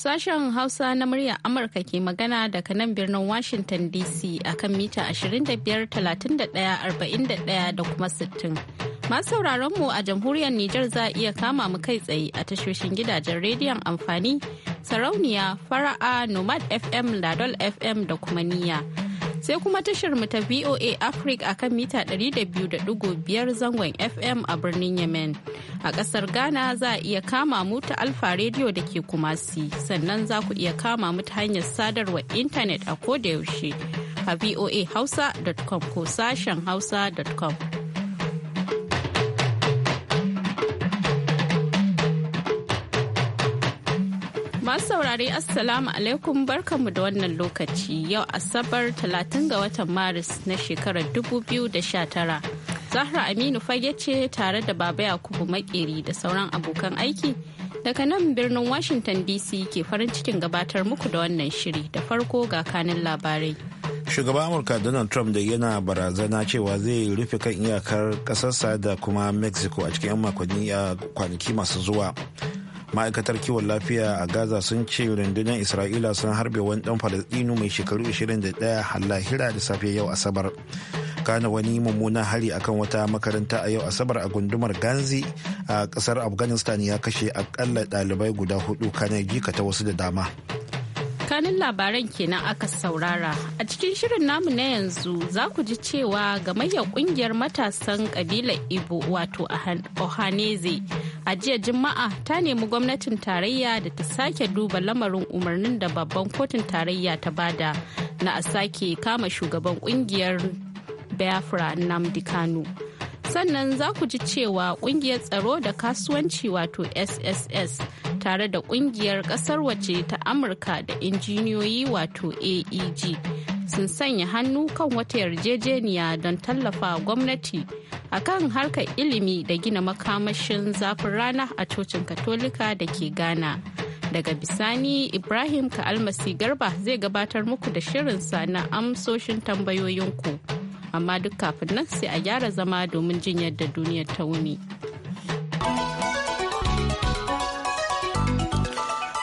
Sashen Hausa na muryar Amurka ke magana daga nan birnin Washington DC a kan mita 25, 31, da kuma 60. Masu sauraronmu mu a jamhuriyar Nijar za a iya kama mu kai tsaye a tashoshin gidajen rediyon amfani, sarauniya, fara'a, nomad FM, ladol FM da kuma niyya. sai kuma tashar mu ta VOA Africa akan mita 200.5 zangon FM a birnin Yemen. A ƙasar Ghana za a iya kama mu ta Alfa Radio da ke Kumasi, sannan za ku iya kama mu ta hanyar sadarwar intanet a yaushe a voahausa.com ko sashen hausa.com. Masu saurare Assalamu alaikum barkanmu da wannan lokaci yau Asabar 30 ga watan Maris na shekarar 2019. Zahra Aminu fage ce tare da Baba Yakubu Makeri da sauran abokan aiki daga nan birnin Washington DC ke farin cikin gabatar muku da wannan shiri da farko ga kanin labarai. Shugaban Amurka Donald Trump da yana barazana cewa zai rufe kan iyakar ƙasarsa da kuma Mexico a cikin 'yan makonni a kwanaki masu zuwa. ma'aikatar kiwon lafiya a gaza sun ce rundunar isra'ila sun harbe wani dan falastinu mai shekaru 21 halahira da safe yau asabar kana wani mummunan hari akan wata makaranta a yau asabar a gundumar ganzi a kasar afghanistan ya kashe akalla dalibai guda hudu kana jika ta wasu da dama tsakanin labaran kenan aka saurara a cikin shirin namu na yanzu za ku ji cewa gamayyar kungiyar matasan kabilar ibo wato ohaneze a jiya juma'a ta nemi gwamnatin tarayya da ta sake duba lamarin umarnin da babban kotun tarayya ta bada na a sake kama shugaban kungiyar biafra namdi kanu sannan za ku ji cewa kungiyar tsaro da kasuwanci wato sss tare da kungiyar kasar waje ta amurka da injiniyoyi wato aeg sun sanya hannu kan wata yarjejeniya don tallafa gwamnati a kan harkar ilimi da gina makamashin zafin rana a cocin katolika da ke ghana daga bisani ibrahim ka Almasi garba zai gabatar muku da shirinsa na amsoshin tambayoyinku amma duk kafin nan sai a gyara zama domin jin yadda duniyar ta wuni.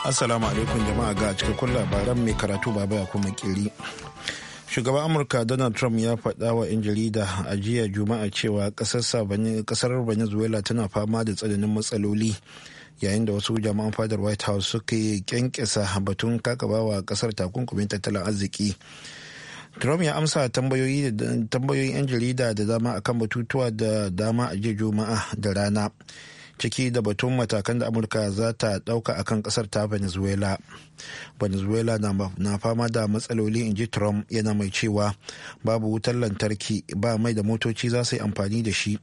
Assalamu alaikum jama'a ga cikakkun labaran mai karatu baba ya kuma kiri. Shugaban Amurka Donald Trump ya faɗa wa 'yan jarida a jiya Juma'a cewa ƙasar Venezuela tana fama da tsananin matsaloli yayin da wasu jama'an fadar White House suka kyankyasa batun kakabawa ƙasar takunkumin tattalin arziki. Trump ya amsa tambayoyin 'yan jarida da dama akan batutuwa da dama a jiya Juma'a da rana. ciki da batun matakan da amurka za ta dauka a kan kasar ta venezuela venezuela na fama da matsaloli inji trump yana mai cewa babu wutar lantarki ba mai da motoci za su yi amfani da shi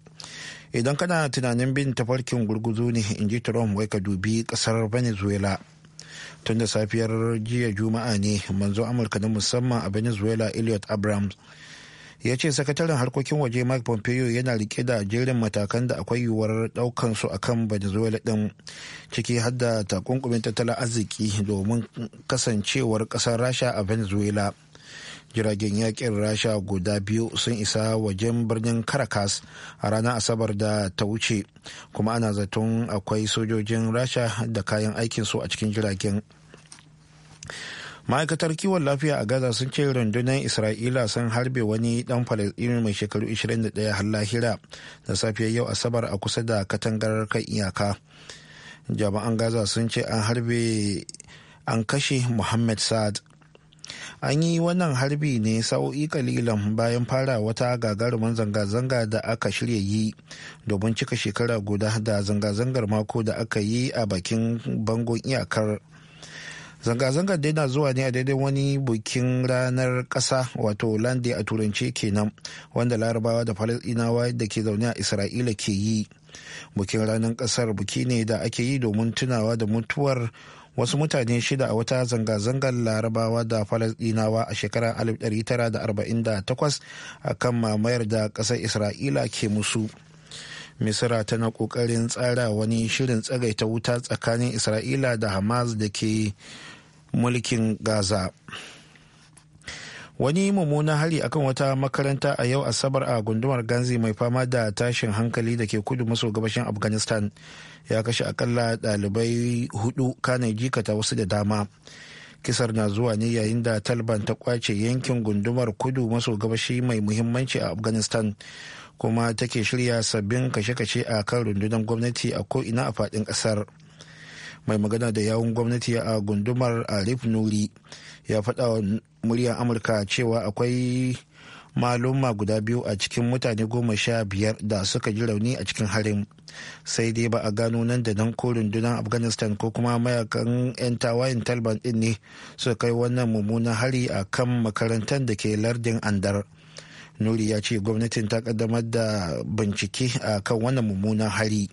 idan kana tunanin bin tafarkin gurguzu ne inji trump wai ka dubi kasar venezuela tun da safiyar jiya juma'a ne manzo amurka na musamman a venezuela elliot abrams ya ce sakataren harkokin waje mike pompeo yana rike da jerin matakan da akwai yiwuwar daukansu a kan venezuela din ciki har da takunkumin tattalin arziki domin kasancewar kasar rasha a venezuela jiragen yakin rasha guda biyu sun isa wajen birnin caracas a ranar asabar da ta wuce kuma ana zaton akwai sojojin rasha da kayan aikin su a cikin jiragen ma'aikatar kiwon lafiya a gaza sun ce rundunar isra'ila sun harbe wani dan falasɗinu mai shekaru 21 har lahira da safiyar yau asabar a kusa da katangar kan iyaka jami'an gaza sun ce an harbe an kashe muhammad saad an yi wannan harbi ne sa'o'i kalilan bayan fara wata gagarumin zanga-zanga da aka shirya yi domin cika shekara guda da zanga-zangar mako da aka yi a bakin bangon iyakar zanga-zangar dai na zuwa ne a daidai wani bukin ranar kasa wato landi a turance kenan wanda larabawa da falasɗinawa da ke zaune a isra'ila ke yi bukin ranar ƙasar buki ne da ake yi domin tunawa da mutuwar wasu mutane shida a wata zanga-zangar larabawa da falasɗinawa a shekarar 1948 a kan mamayar da ƙasar isra'ila ke musu. misira tana kokarin tsara wani shirin tsagaita wuta tsakanin isra'ila da hamas da ke mulkin gaza wani mummunan hari akan wata makaranta a yau asabar a gundumar ganzi mai fama da tashin hankali da ke kudu maso gabashin afghanistan ya kashe akalla dalibai hudu kanan jikata wasu da dama kisar na zuwa ne yayin da talban ta kwace yankin gundumar kudu maso gabashi mai muhimmanci a afghanistan kuma take shirya sabbin kashe-kashe a kan rundunar gwamnati a ko'ina a faɗin ƙasar mai magana da yawun gwamnati a gundumar arif nuri ya faɗa wa muryar amurka cewa akwai maluma guda biyu a cikin mutane goma sha biyar da suka ji rauni a cikin harin sai dai ba a gano nan da nan ko rundunar afghanistan ko kuma mayakan 'yan tawayin taliban din ne suka kai wannan mummunan hari a kan makarantar da ke lardin andar nuri ya ce gwamnatin ta kaddamar da bincike a kan wannan mummunan hari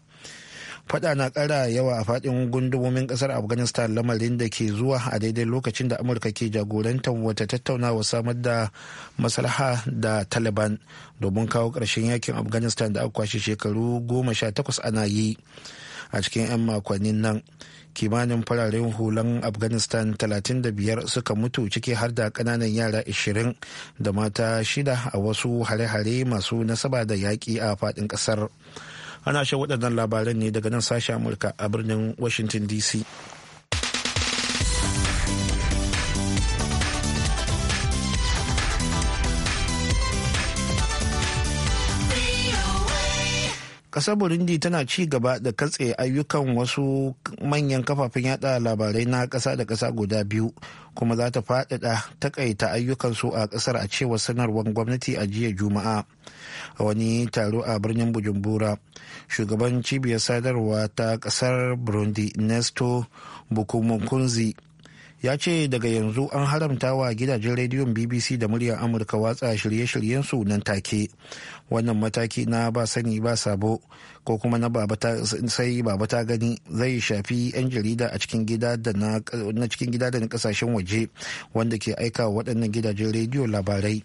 fada na kara yawa a fadin gundumomin kasar afghanistan lamarin da ke zuwa a daidai lokacin da amurka ke jagorantar wata tattaunawa samar da maslaha da taliban domin kawo ƙarshen yakin afghanistan da aka kwashe shekaru goma sha takwas ana yi a cikin 'yan makonnin nan kimanin fararen hulan afghanistan 35 suka mutu ciki har da kananan yara 20 da mata shida a wasu hare-hare masu nasaba da yaƙi a faɗin ƙasar ana shan waɗannan labaran ne daga nan sashen amurka a birnin washington dc kasar burundi tana ci gaba da katse ayyukan wasu manyan kafafen yada labarai na kasa da kasa guda biyu kuma za ta faɗaɗa takaita su a kasar a cewa sanarwar gwamnati a jiya juma'a a wani taro a birnin bujumbura shugaban cibiyar sadarwa ta kasar burundi nesto bukumukunzi ya ce daga yanzu an haramta wa gidajen rediyon bbc da muryar amurka watsa shirye-shiryensu nan take wannan mataki na ba sani ba sabo ko kuma na sai baba ta gani zai shafi 'yan jarida a cikin gida da na cikin gida da na kasashen waje wanda ke aika waɗannan gidajen rediyo labarai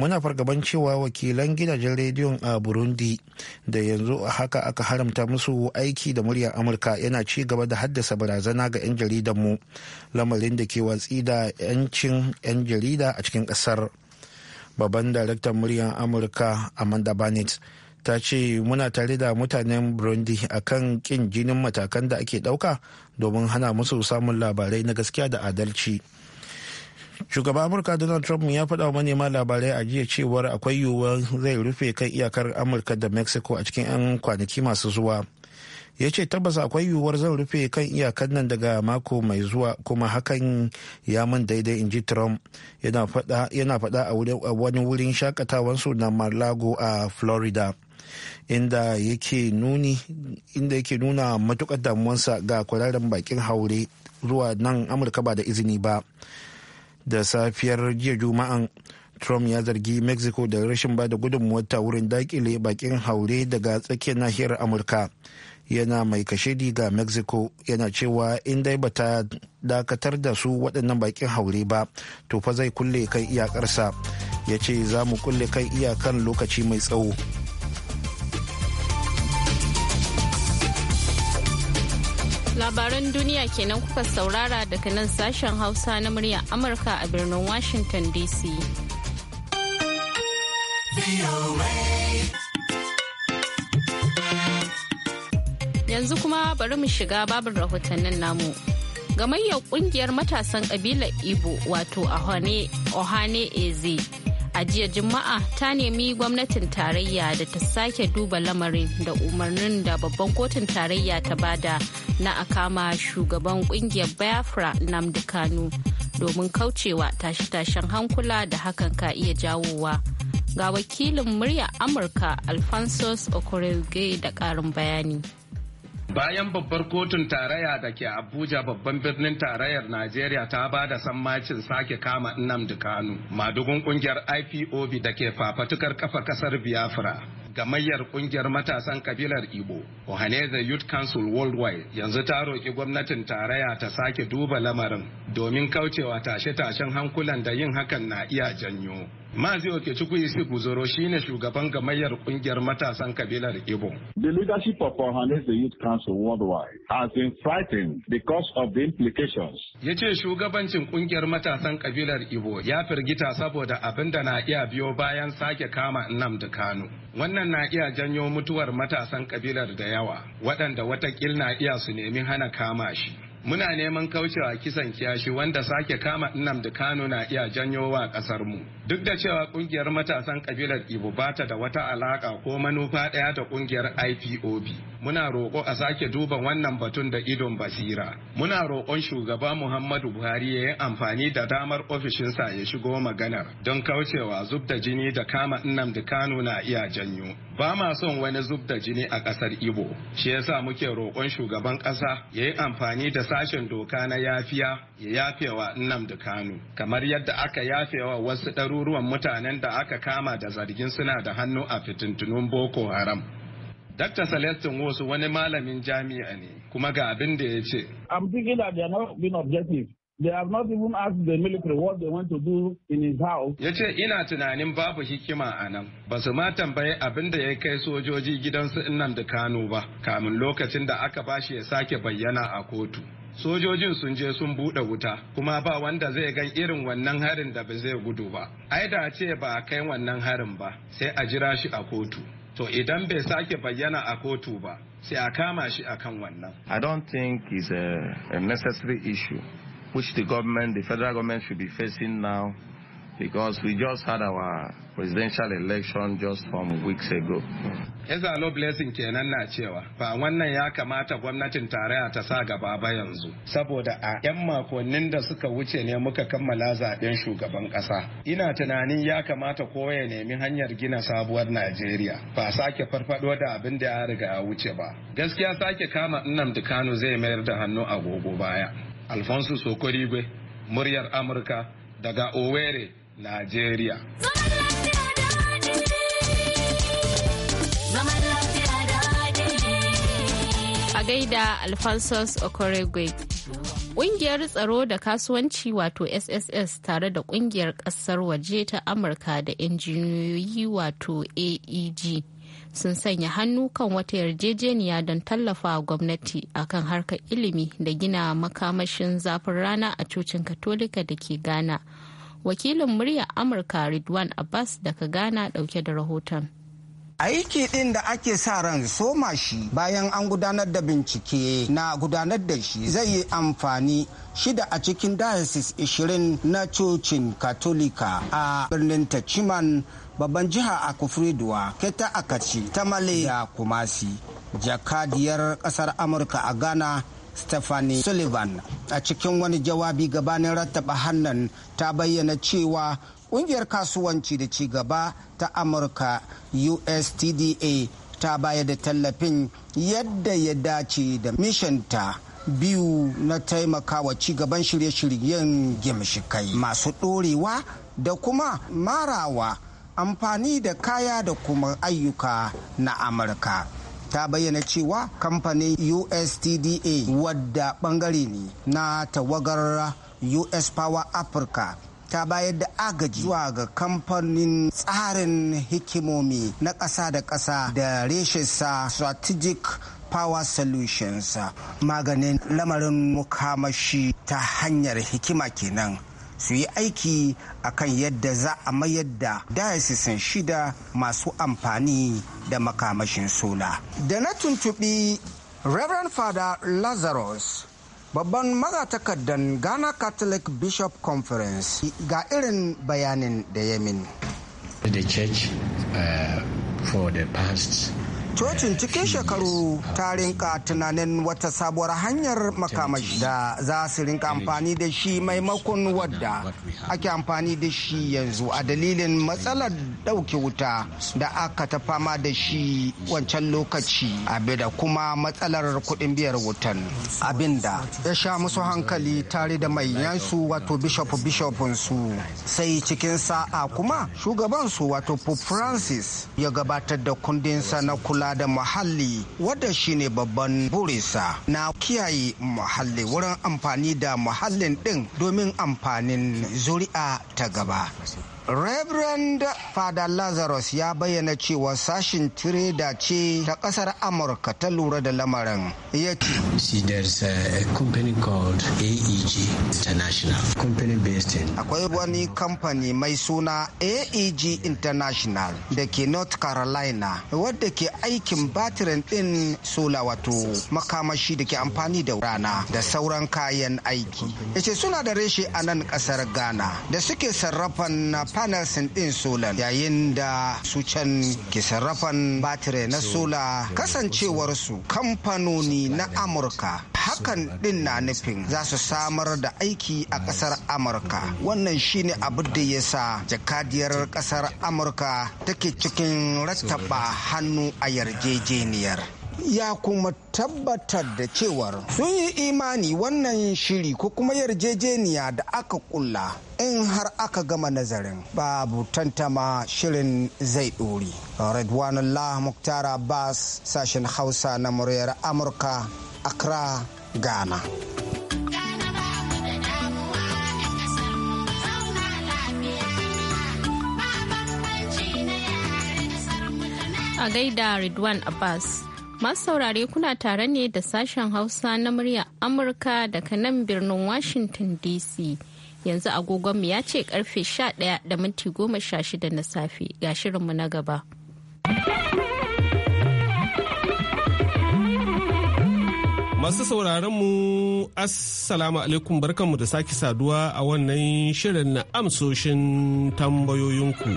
muna fargaban cewa wakilan gidajen rediyon a burundi da yanzu haka aka haramta musu aiki da muryar amurka yana ci gaba da haddasa barazana ga 'yan jaridanmu lamarin da ke watsi da 'yancin 'yan jarida a cikin kasar babban daraktan muryar amurka amanda barnett ta ce muna tare da mutanen burundi akan kin jinin matakan da ake ɗauka domin hana musu samun labarai na gaskiya da adalci. shugaban amurka donald trump ya faɗa wa manema labarai a jiya cewar akwai yiwuwar zai rufe kan iyakar amurka da mexico a cikin 'yan kwanaki masu zuwa ya ce tabbas akwai yiwuwar zan rufe kan iyakar nan daga mako mai zuwa kuma hakan ya min daidai in ji trump yana faɗa a wani wurin su na malago a florida inda yake nuna matukar damuwansa ga kwararren bakin haure zuwa nan amurka ba da izini ba da safiyar jiya juma'an trump ya zargi mexico da rashin bada gudunmuwar ta wurin dakile bakin haure daga tsakiyar nahiyar amurka yana mai kashedi ga mexico yana cewa in dai bata dakatar da su waɗannan bakin haure ba to fa zai kulle kai iyakarsa ya ce za mu kulle kai iyakan lokaci mai tsawo Labaran duniya kenan kuka saurara daga nan sashen Hausa na murya Amurka a birnin Washington DC. Yanzu kuma bari mu shiga babin rahotannin namu. Gamayyar kungiyar matasan ƙabilar Igbo wato Ohane Eze. A jiya Juma'a ta nemi gwamnatin tarayya da ta sake duba lamarin da umarnin da babban kotun tarayya ta bada na a kama shugaban kungiyar biafra namdi kanu domin kaucewa tashe-tashen hankula da hakan ka iya jawowa ga wakilin murya amurka alphonsus okorege da karin bayani Bayan babbar kotun tarayya da ke Abuja babban birnin tarayyar Najeriya ta ba da sammacin sake kama Nnamdi Kanu, madugun kungiyar IPOB da ke fafatukar kafa kasar Biafra. gamayyar kungiyar matasan kabilar Igbo, Ohaneza Youth Council Worldwide yanzu ta roƙi gwamnatin tarayya ta sake duba lamarin domin kaucewa tashe-tashen hankulan da yin hakan na iya janyo. Mazi Okechukwu Isi Guzoro shine shugaban gamayyar kungiyar matasan kabilar Igbo. The leadership of Ohanaeze Youth Council worldwide has been frightened because of the implications. Ya ce shugabancin kungiyar matasan kabilar Igbo ya firgita saboda abin da na iya biyo bayan sake kama Nnamdi kano. Wannan na iya janyo mutuwar matasan kabilar da yawa, waɗanda watakil na iya su nemi hana kama shi. muna neman kaucewa kisan kiyashi wanda sake kama Nnamdi Kano na iya janyo wa kasar mu. Duk da cewa kungiyar matasan kabilar Ibo bata da wata alaka ko manufa daya da kungiyar IPOB. Muna roko a sake duba wannan batun da idon basira. Muna roƙon shugaba Muhammadu Buhari ya yi amfani da damar ofishinsa ya shigo maganar don kaucewa zub da jini da kama Nnamdi Kano na iya janyo. ba ma son wani zub da jini a kasar Ibo. Shi yasa muke roƙon shugaban ƙasa ya yi amfani da sashen doka na yafiya ya yafewa Nnamdi Kanu. Kamar yadda aka yafewa wasu ɗaruruwan mutanen da aka kama da zargin suna da hannu a fitintunun Boko Haram. Dr. Celestin wasu wani malamin jami'a ne kuma ga abin da ya ce. They have not even asked the military what they want to do in his house. Ya ce ina tunanin babu hikima a nan. Ba su ma tambayi abin da ya kai sojoji gidansu nan da Kano ba, kamin lokacin da aka bashi ya sake bayyana a kotu. sojojin sun je sun buɗe wuta kuma ba wanda zai gan irin wannan harin da ba zai gudu ba ai da ce ba a kai wannan harin ba sai a jira shi a kotu to idan bai sake bayyana a kotu ba sai a kama shi akan wannan i don't think is a necessary issue which the government, the federal government should be facing now because we just had our presidential election just from weeks ago. Ezalo Blessing kenan na cewa ba wannan ya kamata gwamnatin tarayya ta sa gaba ba yanzu saboda a 'yan makonnin da suka wuce ne muka kammala zaben shugaban kasa. Ina tunanin ya kamata kowa ya nemi hanyar gina sabuwar Najeriya ba sake farfado da abin da ya riga ya wuce ba. Gaskiya sake kama Nnamdi Kano zai mayar da hannu agogo baya. Alfonso Sokorigwe, muryar Amurka daga Owerri, Najeriya. A gaida Alphonsus Okoregwe. Ƙungiyar tsaro da kasuwanci wato SSS tare da ƙungiyar ƙasar waje ta Amurka da injiniyoyi wato AEG. sun sanya hannu kan wata yarjejeniya don tallafa gwamnati akan harkar ilimi da gina makamashin zafin rana a cocin katolika da ke ghana wakilin murya amurka ridwan abbas daga ghana dauke da rahoton aiki din da ake sa ran soma shi bayan an gudanar da bincike na gudanar da shi zai yi amfani shida a cikin diocese 20 na cocin katolika a birnin tachiman babban jiha a kufriduwa keta akaci ta male da kumasi jakadiyar kasar amurka a ghana stephanie sullivan a cikin wani jawabi gabanin rattaba hannun ta bayyana cewa kungiyar kasuwanci da ci gaba ta amurka ustda ta bayar da tallafin yadda ya dace da mishinta biyu na taimakawa gaban shirye-shiryen gimshikai masu ɗorewa da kuma marawa amfani da kaya da kuma ayyuka na amurka ta bayyana cewa kamfanin ustda wadda bangare ne na tawagar us power africa ta bayar da agaji zuwa ga kamfanin tsarin hikimomi na ƙasa da ƙasa da reshensa strategic power solutions maganin lamarin mukamashi ta hanyar hikima kenan su yi aiki a kan yadda za a mayar da dayasisin shida masu amfani da makamashin sola. Da na tuntuɓi Reverend Father Lazarus babban magatakardan Ghana Catholic Bishop Conference ga irin bayanin da yamin The church uh, for the past cocin cikin shekaru ta rinka tunanin wata sabuwar hanyar makamashi da za su rinka amfani da shi maimakon wadda ake amfani da shi yanzu a dalilin matsalar ɗauke wuta da aka ta fama da shi wancan lokaci abin da kuma matsalar kuɗin biyar wutan abinda ya sha musu hankali tare da mai yansu wato bishop bishopunsu sai cikin sa'a kuma shugabansu wato pope francis ya gabatar da kundinsa na kula kula da muhalli wadda shine babban burinsa na kiyaye muhalli wurin amfani da muhallin din domin amfanin zuri'a ta gaba. Reverend Fada Lazarus ya bayyana cewa sashin Tireda ce ta kasar Amurka ta lura da lamarin. Ya ce, a, company called AEG International, company based in. Akwai wani kamfani mai suna AEG International da ke North Carolina, wadda ke aikin batirin ɗin sola wato makamashi da ke amfani da rana da sauran kayan aiki. Ya ce suna da reshe a nan ƙasar Ghana da suke sarrafa na panels din solar yayin da su can ke sarrafan batire na solar kasancewarsu kamfanoni na amurka hakan din na nufin za su samar da aiki a kasar amurka wannan shine abin da ya sa jakadiyar kasar amurka take cikin rattaba hannu a yarjejeniyar ya kuma tabbatar da cewar sun yi imani wannan shiri ko kuma yarjejeniya da aka kulla in har aka gama nazarin babu tantama shirin zai ɗori. Allah Muktar Abbas sashen Hausa na muryar Amurka, Accra, Ghana. a gaida Ridwan Abbas. Masu saurare kuna tare ne da sashen Hausa na murya Amurka daga nan birnin Washington DC. Yanzu agogonmu ya ce karfe 11 da minti 16 na safe ga shirinmu na gaba. Masu saurarenmu mu Assalamu alaikum barkanmu da sake saduwa a wannan shirin na amsoshin tambayoyinku.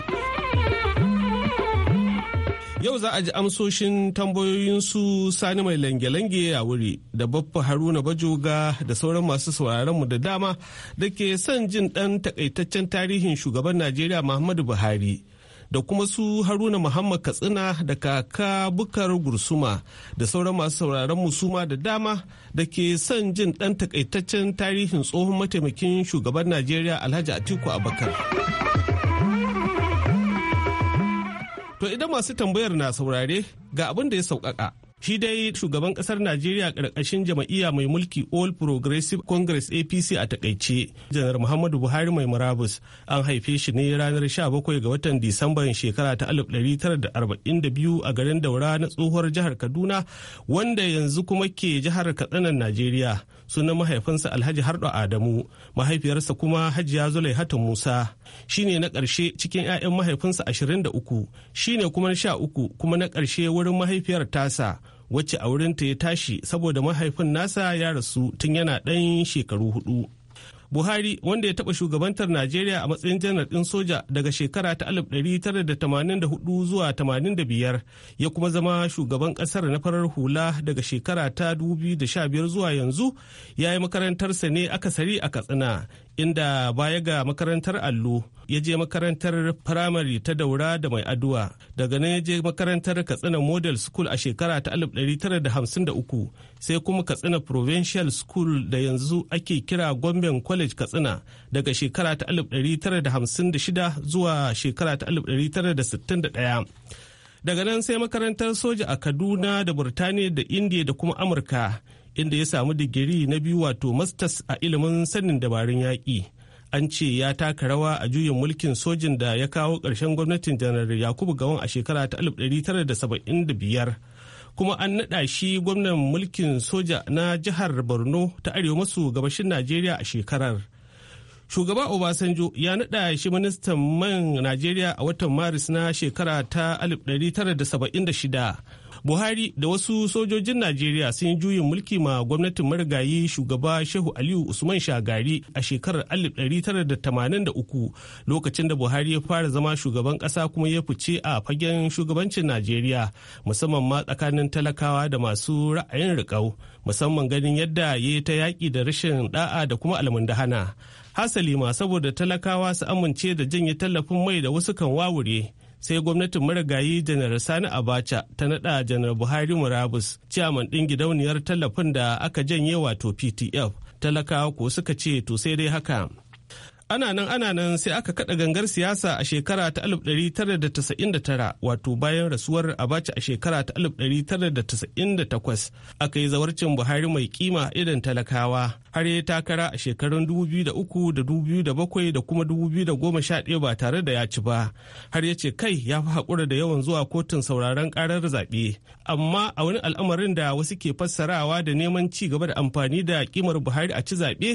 Yau za a ji amsoshin tambayoyinsu Sani mai lange-lange a wuri da Baffa Haruna Bajoga da sauran masu sauraronmu da dama da ke son jin ɗan takaitaccen tarihin shugaban Najeriya Muhammadu Buhari. da kuma su haruna muhammad katsina da kaka bukar gursuma da sauran masu sauraron Suma da dama da ke son jin dan takaitaccen tarihin tsohon mataimakin shugaban najeriya alhaji atiku abakar To idan masu tambayar na saurare ga abin da ya sauƙaƙa. Shi dai shugaban ƙasar Najeriya ƙarƙashin jama'iyya mai mulki All Progressive Congress APC a takaice, Janar Muhammadu Buhari mai murabus an haife shi ne ranar 17 ga watan Disamban shekara ta 1942 a garin Daura na tsohuwar jihar Kaduna, wanda yanzu kuma ke jihar Katsina Najeriya. sunan mahaifinsa alhaji hardo adamu mahaifiyarsa kuma hajiya zulaihatun musa shine na ƙarshe cikin 'ya'yan mahaifinsa ashirin da 23 shine kuma sha uku kuma na ƙarshe wurin mahaifiyar tasa wacce a wurinta ya tashi saboda mahaifin nasa ya rasu tun yana ɗan shekaru hudu. Buhari wanda ya taba shugabantar Najeriya a matsayin janar ɗin soja daga shekara ta 1984 zuwa 85 ya kuma zama shugaban ƙasar na farar hula daga shekara ta 2015 zuwa yanzu ya yi makarantarsa ne akasari a Katsina inda baya ga makarantar allo. ya je makarantar firamare ta daura da mai addu'a daga nan ya je makarantar katsina model school a shekara ta 1953 sai kuma katsina provincial school da yanzu ake kira gomben college katsina daga shekara ta 1956 zuwa shekara ta 1961 daga nan sai makarantar soja a kaduna da burtaniya da indiya da kuma amurka inda ya samu digiri na biyu wato masters a ilimin sanin dabarun yaƙi an ce ya taka rawa a juyin mulkin sojin da ya kawo ƙarshen gwamnatin janar yakubu gawan a shekara ta 1975 kuma an naɗa shi gwamnan mulkin soja na jihar borno ta arewa maso gabashin najeriya a shekarar shugaba obasanjo ya naɗa shi ministan man najeriya a watan maris na shekara ta 1976 buhari da wasu sojojin najeriya sun yi juyin mulki ma gwamnatin marigayi shugaba shehu aliyu usman shagari a shekarar 1983 lokacin da buhari ya fara zama shugaban ƙasa kuma ya fice a fagen shugabancin najeriya musamman ma tsakanin talakawa da masu ra'ayin riƙau musamman ganin yadda ya yi ta yaƙi da rashin da'a da kuma almundahana hasali ma saboda talakawa su amince da janye tallafin mai da wasu kan wawure sai gwamnatin marigayi janar sani abacha ta naɗa janar buhari murabus ciyaman ɗin gidauniyar tallafin da aka janye wato ptf talakawa ko suka ce to sai dai haka ana nan ana nan sai aka kada gangar siyasa a shekara ta 1999 wato bayan rasuwar abaci a shekara ta 1998 aka yi zawarcin buhari mai kima idan talakawa har ya takara a shekarun 2003 da 2007 da kuma 2011 ba tare da ya ci ba har ya ce kai ya fi haƙura da yawan zuwa kotun sauraron karar zaɓe amma a wani al'amarin da wasu ke fassarawa da neman ci gaba da amfani da kimar buhari a ci zaɓe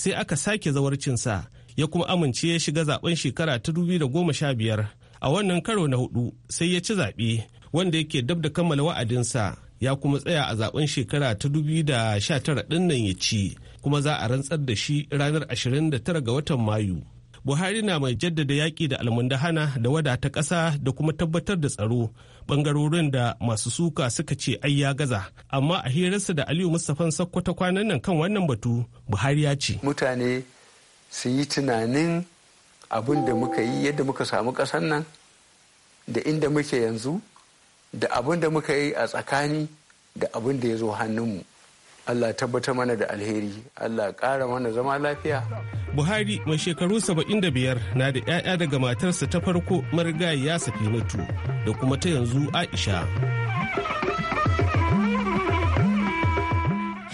sai aka sake zawarcinsa ya kuma amince ya shiga zaben shekara ta goma sha biyar a wannan karo na hudu sai ya ci zaɓe wanda yake dab da kammala wa'adinsa ya kuma tsaya a zaben shekara ta 2019 ɗin nan ya ci kuma za a rantsar da shi ranar ashirin da tara ga watan mayu buhari na mai jaddada yaƙi da almundahana da wada ta ƙasa da kuma tabbatar da tsaro ɓangarorin da masu suka suka ce ai ya gaza amma a hirarsa da aliyu mustapha sakkwata kwanan nan kan wannan batu buhari ya ce mutane su yi tunanin abin da muka yi yadda muka samu ƙasar nan da inda muke yanzu da abin da muka yi a tsakani da abin da ya zo hannunmu Allah tabbata mana da alheri Allah ƙara mana zama lafiya Buhari mai shekaru 75 na da 'ya'ya daga matarsa ta farko marigayi ya mutu da kuma ta yanzu Aisha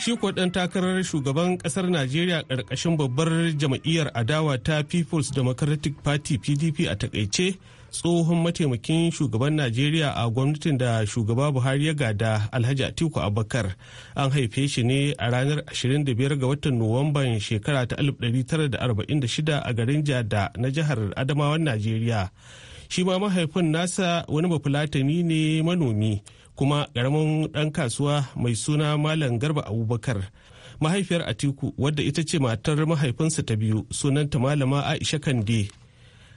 shi kuwa ɗan takarar shugaban ƙasar najeriya ƙarƙashin babbar jam'iyyar adawa ta people's democratic party pdp a takaice tsohon mataimakin shugaban najeriya a gwamnatin da shugaba buhari ya gada alhaji atiku abakar an haife shi ne a ranar 25 ga watan nuwamban shekara ta 1946 a garin jada na jihar adamawan najeriya shi ma mahaifin nasa wani bafulatani ne manomi kuma ƙaramin ɗan kasuwa mai suna Malam Garba Abubakar. Mahaifiyar Atiku wadda ita ce matar mahaifinsa ta biyu sunanta Malama Aisha Kande.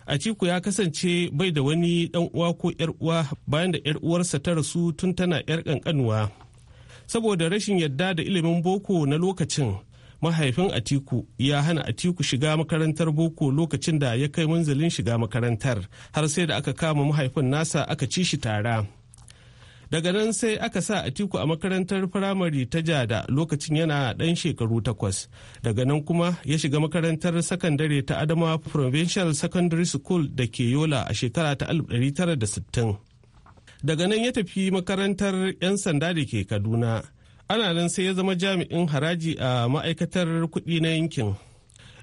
Atiku ya kasance bai da wani ɗan uwa ko ‘yar uwa bayan da ‘yar uwarsa ta rasu tun tana ‘yar ƙanƙanuwa. Saboda rashin yadda da ilimin boko na lokacin, mahaifin Atiku ya hana Atiku shiga makarantar boko lokacin da ya kai manzalin shiga makarantar har sai da aka kama mahaifin nasa aka ci shi tara. daga nan sai aka sa atiku a makarantar firamare ta jada lokacin yana ɗan shekaru takwas daga nan kuma ya shiga makarantar sakandare ta adama provincial secondary school da ke yola a shekara ta 1960 daga nan ya tafi makarantar 'yan sanda da ke kaduna ana nan sai ya zama jami'in haraji a ma'aikatar kuɗi na yankin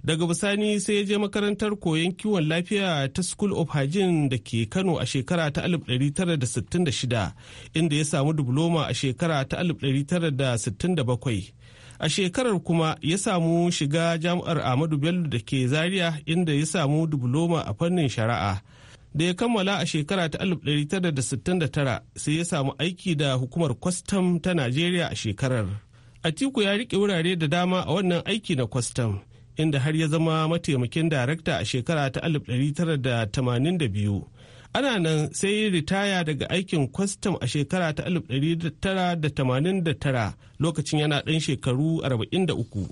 daga bisani sai ya je makarantar koyon kiwon lafiya ta school of hygiene da ke kano a shekara ta 1966 inda ya samu diploma a shekara ta 1967 a shekarar kuma ya samu shiga jami'ar ahmadu bello da ke zaria inda ya samu diploma a fannin shari'a da ya kammala a shekara ta 1969 sai ya samu aiki da hukumar kwastam ta najeriya a shekarar atiku ya rike wurare da dama a wannan aiki na kwastam inda har ya zama mataimakin darakta a shekara ta 1982 ana nan sai ritaya daga aikin kwastam a shekara ta 1989 lokacin yana ɗan shekaru 43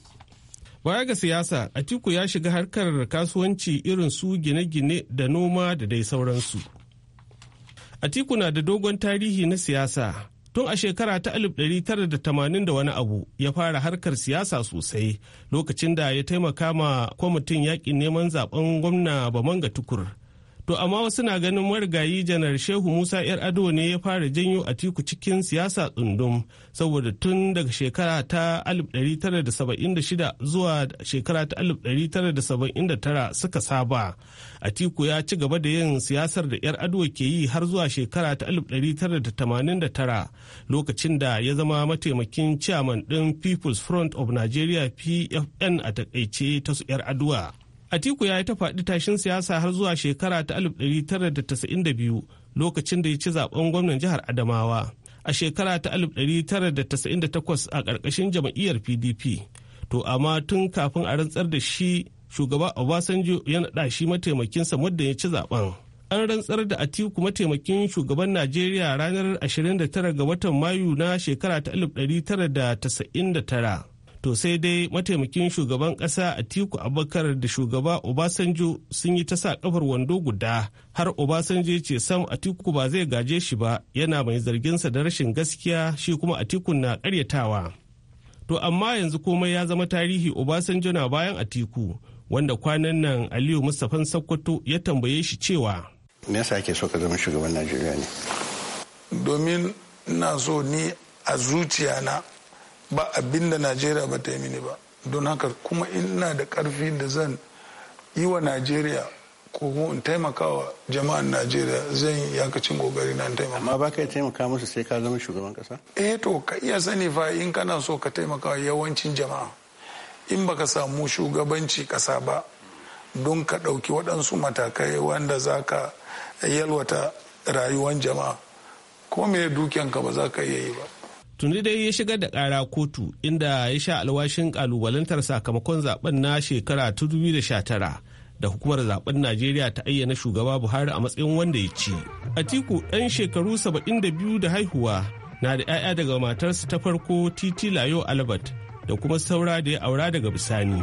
baya ga siyasa atiku ya shiga harkar kasuwanci irin su gine-gine da noma da dai sauransu atiku na da dogon tarihi na siyasa tun a shekara ta alif tara da tamanin da wani abu ya fara harkar siyasa sosai lokacin da ya taimaka ma kwamitin yakin neman zaben gwamna bamanga tukur To amma wasu na ganin marigayi janar Shehu Musa ‘yar ado ne ya fara janyo a tiku cikin siyasa tsundum saboda tun daga shekara ta 1976 zuwa shekara ta 1979 suka saba. Atiku ya ci gaba da yin siyasar da ‘yar ado ke yi har zuwa shekara ta 1989 lokacin da ya zama mataimakin ciyaman ɗin People's Front of Nigeria PFN a takaice ta su ‘yar aduwa. Atiku ya yi ta faɗi tashin siyasa har zuwa shekara ta 1992 lokacin da ya ci zaɓen gwamnan jihar Adamawa. A shekara ta 1998 a ƙarƙashin jam'iyyar PDP. To amma tun kafin a rantsar da shi shugaba Obasanjo ya naɗa shi mataimakinsa muddin ya ci zaɓen. An rantsar da Atiku mataimakin shugaban Najeriya ranar 29 ga watan Mayu na shekara ta 1999. to sai dai mataimakin shugaban kasa atiku abubakar da shugaba obasanjo sun yi ta sa kafar wando guda har obasanjo ce sam a tiku ba zai gaje shi ba yana mai zarginsa da rashin gaskiya shi kuma a atiku na karyatawa to amma yanzu komai ya zama tarihi obasanjo na bayan a tiku wanda kwanan nan aliyu mustapha sakkwato ya tambaye shi cewa me yasa ake so ka zama shugaban najeriya ne domin ina so ni a zuciya na ba abin da najeriya ba ta yi mini ba don haka kuma ina da karfi da zan yi wa najeriya ko in taimakawa jama'an najeriya zan yi yakacin gogari na taimaka amma ba ka taimaka musu sai ka zama shugaban kasa eh to ka iya sani fa in kana so ka taimaka yawancin jama'a in baka samu shugabanci kasa ba don ka ɗauki waɗansu matakai wanda za ka yalwata rayuwan jama'a ko me dukiyanka ba za ka iya yi ba tuni dai ya shigar da ƙara kotu inda ya sha alwashin ƙalubalantar sakamakon zaben na shekara ta 2019 da hukumar zaben najeriya ta ayyana shugaba buhari a matsayin wanda ya ci atiku ɗan shekaru 72 da haihuwa na da 'ya'ya daga matarsa ta farko titi layo albert da kuma saura da ya aura daga bisani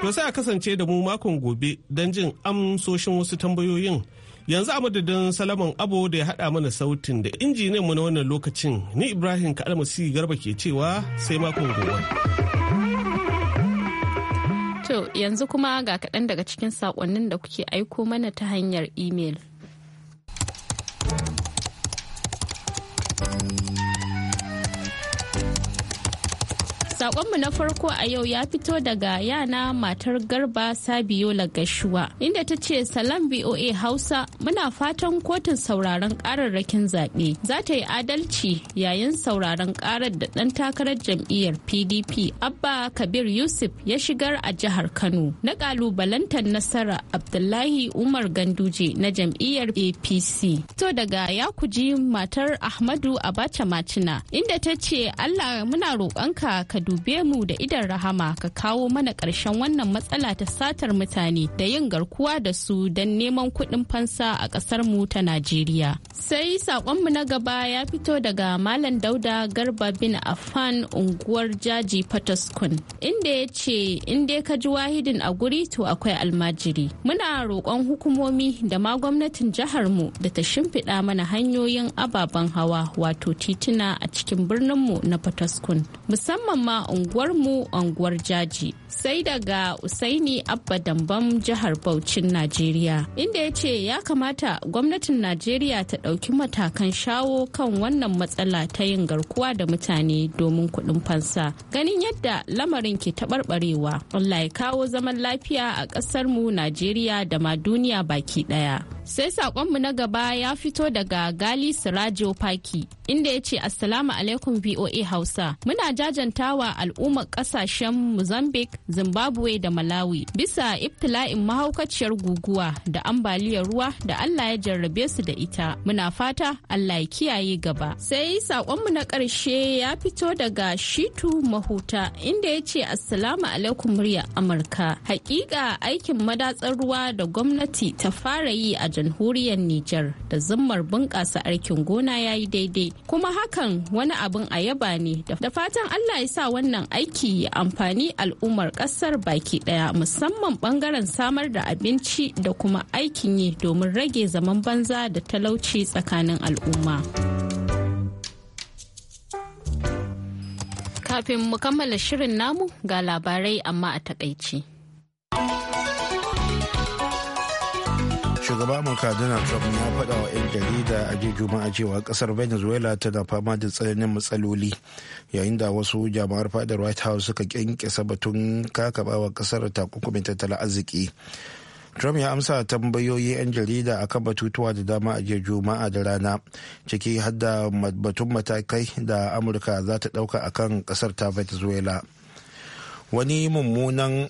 to sai a kasance da mu makon gobe don jin amsoshin wasu tambayoyin yanzu a madadin salaman abo da ya haɗa mana sautin da injiniyan mu na wannan lokacin ni ibrahim kalmasi garba ke cewa sai makon gobe to yanzu kuma ga kaɗan daga cikin saƙonnin da kuke aiko mana ta hanyar imel. Sakonmu na farko a yau ya fito daga yana matar garba Sabiyo Lagashuwa inda ta ce salam BOA Hausa muna fatan kotun sauraron kararrakin zaɓe za ta yi adalci yayin sauraron karar da ɗan takarar jam'iyyar PDP Abba Kabir Yusuf ya shigar a jihar Kano na ƙalubalantar nasara Abdullahi Umar Ganduje na jam'iyyar APC. To daga ya kuji matar Ahmadu Abacha Macina inda ta ce Allah muna roƙonka ka dube mu da idan rahama ka kawo mana ƙarshen wannan matsala ta satar mutane da yin garkuwa da su don neman kuɗin fansa a ƙasar mu ta Najeriya. Sai saƙonmu na gaba ya fito daga Malam Dauda Garba bin Afan unguwar Jaji Fataskun inda ya ce in dai ka ji wahidin a guri to akwai almajiri. Muna roƙon hukumomi da ma gwamnatin jihar mu da ta shimfiɗa mana hanyoyin ababen hawa wato tituna a cikin birnin mu na Fataskun musamman ma unguwarmu unguwar jaji sai daga usaini abba dambam jihar Bauchin Najeriya inda ya ce ya kamata gwamnatin Najeriya ta ɗauki matakan shawo kan wannan matsala ta yin garkuwa da mutane domin kuɗin fansa ganin yadda lamarin ke taɓarɓarewa Allah ya kawo zaman lafiya a mu Najeriya da ma duniya baki ɗaya. Sai saƙonmu na gaba ya fito daga Gali Sirajo Paki inda ya ce Assalamu alaikum VOA Hausa muna jajantawa al'ummar kasashen Mozambique, Zimbabwe da Malawi bisa ibtila'in mahaukaciyar guguwa da ambaliyar ruwa da Allah ya jarrabe su da ita. Muna fata Allah ya kiyaye gaba. Sai saƙonmu na ƙarshe ya fito daga Shitu Mahuta inda ya ce Assalamu alaikum murya Amurka. Hakika aikin madatsar ruwa da gwamnati ta fara yi a jamhuriyar Nijar da zummar bunƙasa aikin gona ya yi daidai. Kuma hakan wani abin a yaba ne da fatan Allah ya sa wannan aiki ya amfani al'ummar kasar baki daya musamman bangaren samar da abinci da kuma aikin yi domin rage zaman banza da talauci tsakanin al'umma. Kafin mu kammala shirin namu ga labarai amma a takaici. shugaba amurka donald trump ya faɗa wa 'yan jarida a juma'a cewa kasar venezuela tana fama da tsananin matsaloli yayin da wasu jama'ar fadar white house suka kyankyasa batun wa kasar takunkumin tattalin arziki trump ya amsa tambayoyi 'yan jarida a kan batutuwa da dama a jiya juma'a da rana ciki har da batun matakai da amurka za ta ɗauka akan kasar ta venezuela wani mummunan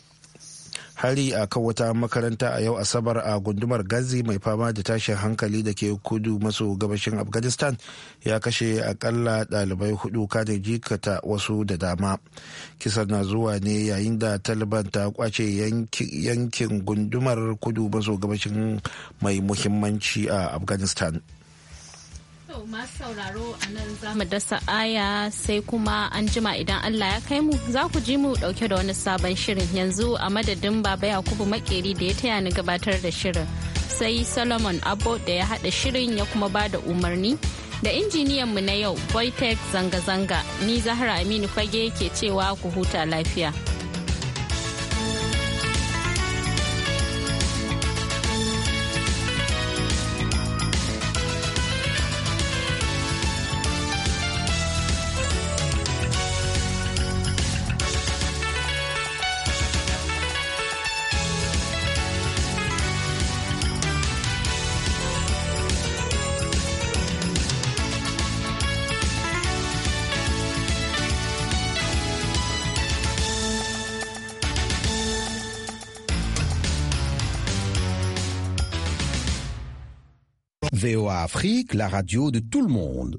hari a kan wata makaranta a yau asabar a gundumar gazi mai fama da tashin hankali da ke kudu maso gabashin afghanistan ya kashe akalla dalibai hudu kada jikata wasu da dama kisar na zuwa ne yayin da taliban ta kwace yankin gundumar kudu maso gabashin mai muhimmanci a afghanistan masu sauraro a nan za mu dasa aya sai kuma an jima idan Allah ya kai mu za ku ji mu dauke da wani sabon shirin yanzu a madadin baba Yakubu makeri da ya taya ni gabatar da shirin sai Solomon abo da ya hada shirin ya kuma ba da umarni da injiniyan mu na yau boytech zanga-zanga ni Zahra Aminu Fage ke cewa ku huta lafiya. VOA Afrique, la radio de tout le monde.